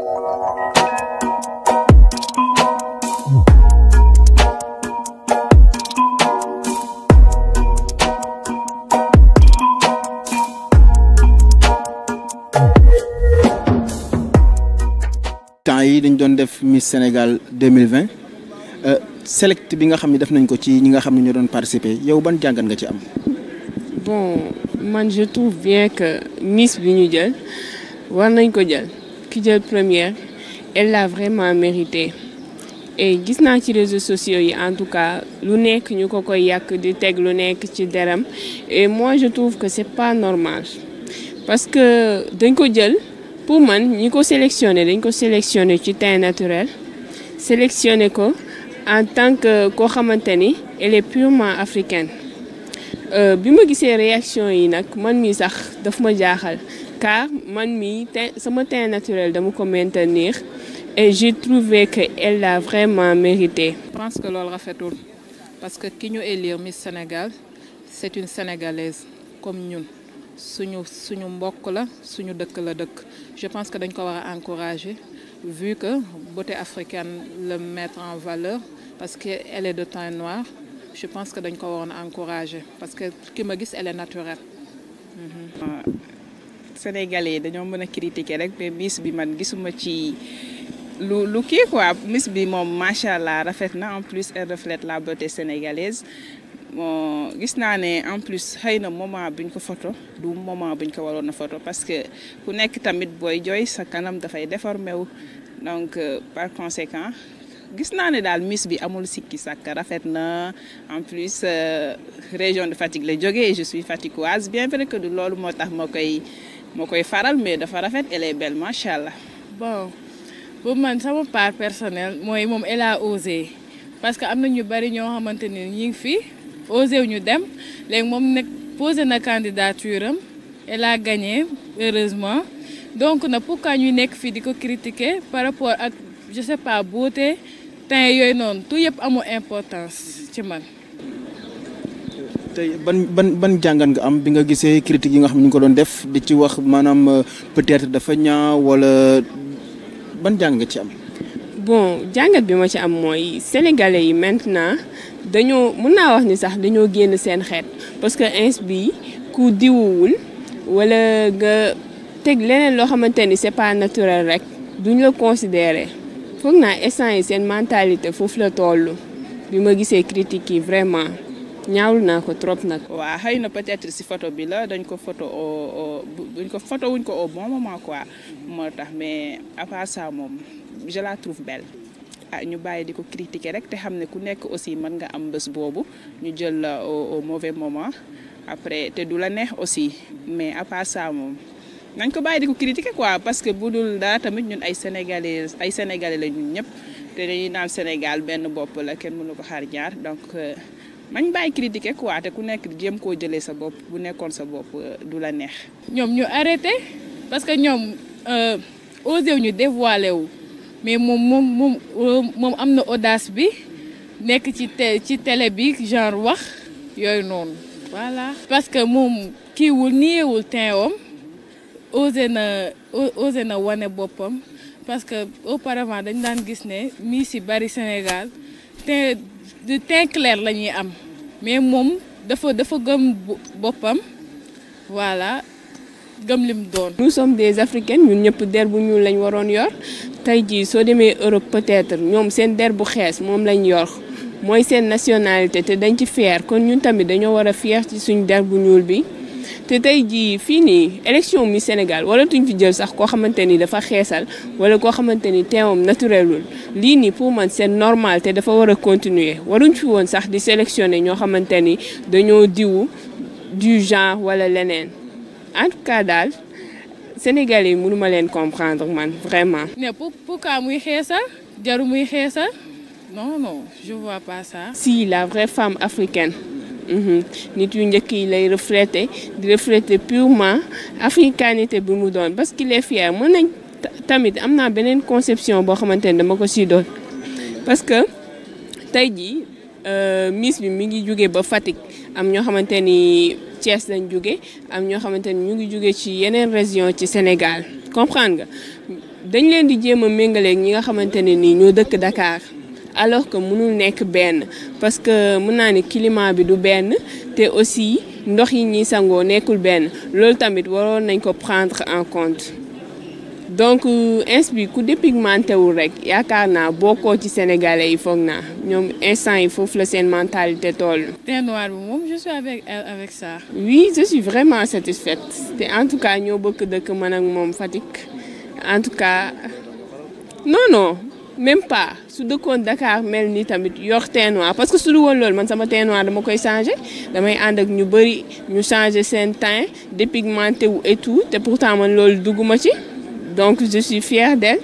temps yi dañ doon def Miss Sénégal 2020 euh, select bi nga xam ne def nañ ko ci ñi nga xam ne ñoo doon participer yow ban jàngat nga ci am bon man que Miss bi ñu jël war nañ ko jël ki jël première elle l'a vraiment mérité et gis naa ci réseau sociaux yi en tout cas lu nekk ñu ko koy yàq di teg lu nekk ci deram e moi je trouve que c'est pas normal parce que dañ ko jël pour man ñi ko sélectionné dañ ko sélectionné ci teint naturel sélectionné ko en tant que koo xamante ni elle est purement africaine euh, bi ma gisee réaction yi nag man mi sax daf ma jaaxal car man mi teint sama teint naturel dama ko maintenir et j'ai trouvé que l'a vraiment mérité. je pense que loolu rafetul parce que ki ñu élire Miss Sénégal c'est une sénégalaise comme ñun suñu suñu mbokk la suñu dëkk la dëkk je pense que dañ ko war a encourager vu que beauté africaine le mettre en valeur parce que elle est de teint noir je pense que dañ ko waroon encourager parce que ki ma gis elle est naturelle. Mhm. Euh, Sénégalais yi dañoo mën a critiquer rek mais miss bi man gisuma ci lu lu kii quoi miss bi moom macha allah rafet na en plus elle reflète la beauté sénégalaise bon gis naa ne en plus xëy na moment buñ ko photo du moment buñ ko waroon a photo parce que ku nekk tamit booy jooy sa kanam dafay déformé wu donc euh, par conséquent gis naa ne daal miss bi amul sikki sàkk rafet na en plus euh, région de Fatick la jógee je suis fatickoise bien vrai que du loolu moo tax ma koy. moo koy faral mais dafa rafet elle benn belle macha allah. bon man sama part personnel mooy moom elle a osé parce que am na ñu bari ñoo xamante ne ñu ngi fi osé wu ñu dem léegi moom nag posé na candidature am elle a gagné heureusement donc na pourquoi ñuy nekk fii di ko critiquer par rapport ak je sais pas beauté teint yooyu noonu tout yëpp amul importance ci man. tey ban ban ban jàngat nga am bi nga gisee critique yi nga xam ne ñu ko doon def di ci wax maanaam euh, peut-être dafa ñaaw wala ban jàngat nga ci am. bon jàngat bi ma ci am mooy sénégalais yi maintenant dañoo mun naa wax ni sax dañoo génn seen xeet parce que ins bi ku diwuwul wala nga teg leneen loo xamante ni c'est pas naturel rek duñ la considérer foog naa instant yi seen mentalité foofu la toll bi ma gisee critique yi vraiment. ñaawul naa ko trop nag. waa xëy na peut-être si photo bi la dañ ko photo buñ ko photo wuñ ko au bon moment quoi moo tax mais à part ça moom je la trouve belle. ah ñu bàyyi di ko critiquer rek te xam ne ku nekk aussi man nga am bés boobu ñu jël la au mauvais moment après te du la neex aussi mais à part ça moom nañ ko bàyyi di ko critiquer quoi parce que bu dul daa tamit ñun ay sénégalais ay sénégalais ñun ñëpp te dañuy naan Sénégal benn bopp la kenn mënu ko xaar ñaar donc. Euh, mañ bàyyi critiquer quoi te ku nekk jéem koo jëlee sa bopp bu nekkoon sa bopp euh, du la neex. ñoom ñu arrêté parce que ñoom euh, osé wu ñu dévoilé wu mais moom euh, moom am na audace bi nekk ci té ci télé bi genre wax yooyu noonu voilà. parce que moom kiiwul niiwul teewam osé na ose na wane boppam parce que auparavant dañ daan gis ne mii si bari Sénégal te. de teint clair la ñuy am mais moom dafa dafa gëm boppam voilà gëm lim doon. nous sommes des africaine ñu ñëpp der bu ñuul lañ waroon yor tey jii soo demee Europe peut-être ñoom seen der bu xees moom lañu yor mooy seen nationalité te dañ ci fier kon ñun tamit dañoo war a fier ci suñ der bu ñuul bi. te tey jii fii nii élection mi Sénégal wala tuñ fi jël sax koo xamante ni dafa xeesal wala koo xamante ni teewam naturelul lii nii pour man seen normal te dafa war a continuer waruñ fi woon sax di sélectionner ñoo xamante ni dañoo diwu du genre wala leneen en tout cas daal Sénégalais yi mënuma leen comprendre man vraiment. mais pour pourquoi muy xeesal jaru muy xeesal non non je vois pas ça. si la vraie femme africaine. Mhm. nit yu njëkk yi lay refléter di refléter purement africanité bi mu doon parce qu'il est fier mën nañ tamit am naa beneen conception boo xamante ne dama ko si doon parce que tey jii euh, Miss bi mi ngi jóge ba Fatick am ñoo xamante ni Thiès lañ jóge am ñoo xamante ni ñu ngi jóge ci yeneen région ci Sénégal comprendre nga dañ leen di jéem a méngaleeg ñi nga xamante ne nii ñoo dëkk dakaar alors que mënul nekk benn parce que mën naa ni climat bi du benn te aussi ndox yi ñuy sangoo nekkul benn loolu tamit waroon nañ ko prendre en compte donc euh, ins ku dépigmenté wul rek yaakaar naa bokkoo ci sénégalais yi foog naa ñoom instant yi foofu la seen mentalité toll. teint noir bi moom je suis avec avec ça. oui je suis vraiment satisfaite te en tout cas ñoo bëgg dëkk mën ak moom Fatick en tout cas non non. même pas su dëkkoon Dakar mel ni tamit yor teint noir parce que su dul woon loolu man sama teint noir dama koy changé damay ànd ak ñu bëri ñu changé seen teint dépigmenté wu et tout te pourtant man loolu dugguma ci donc je suis fière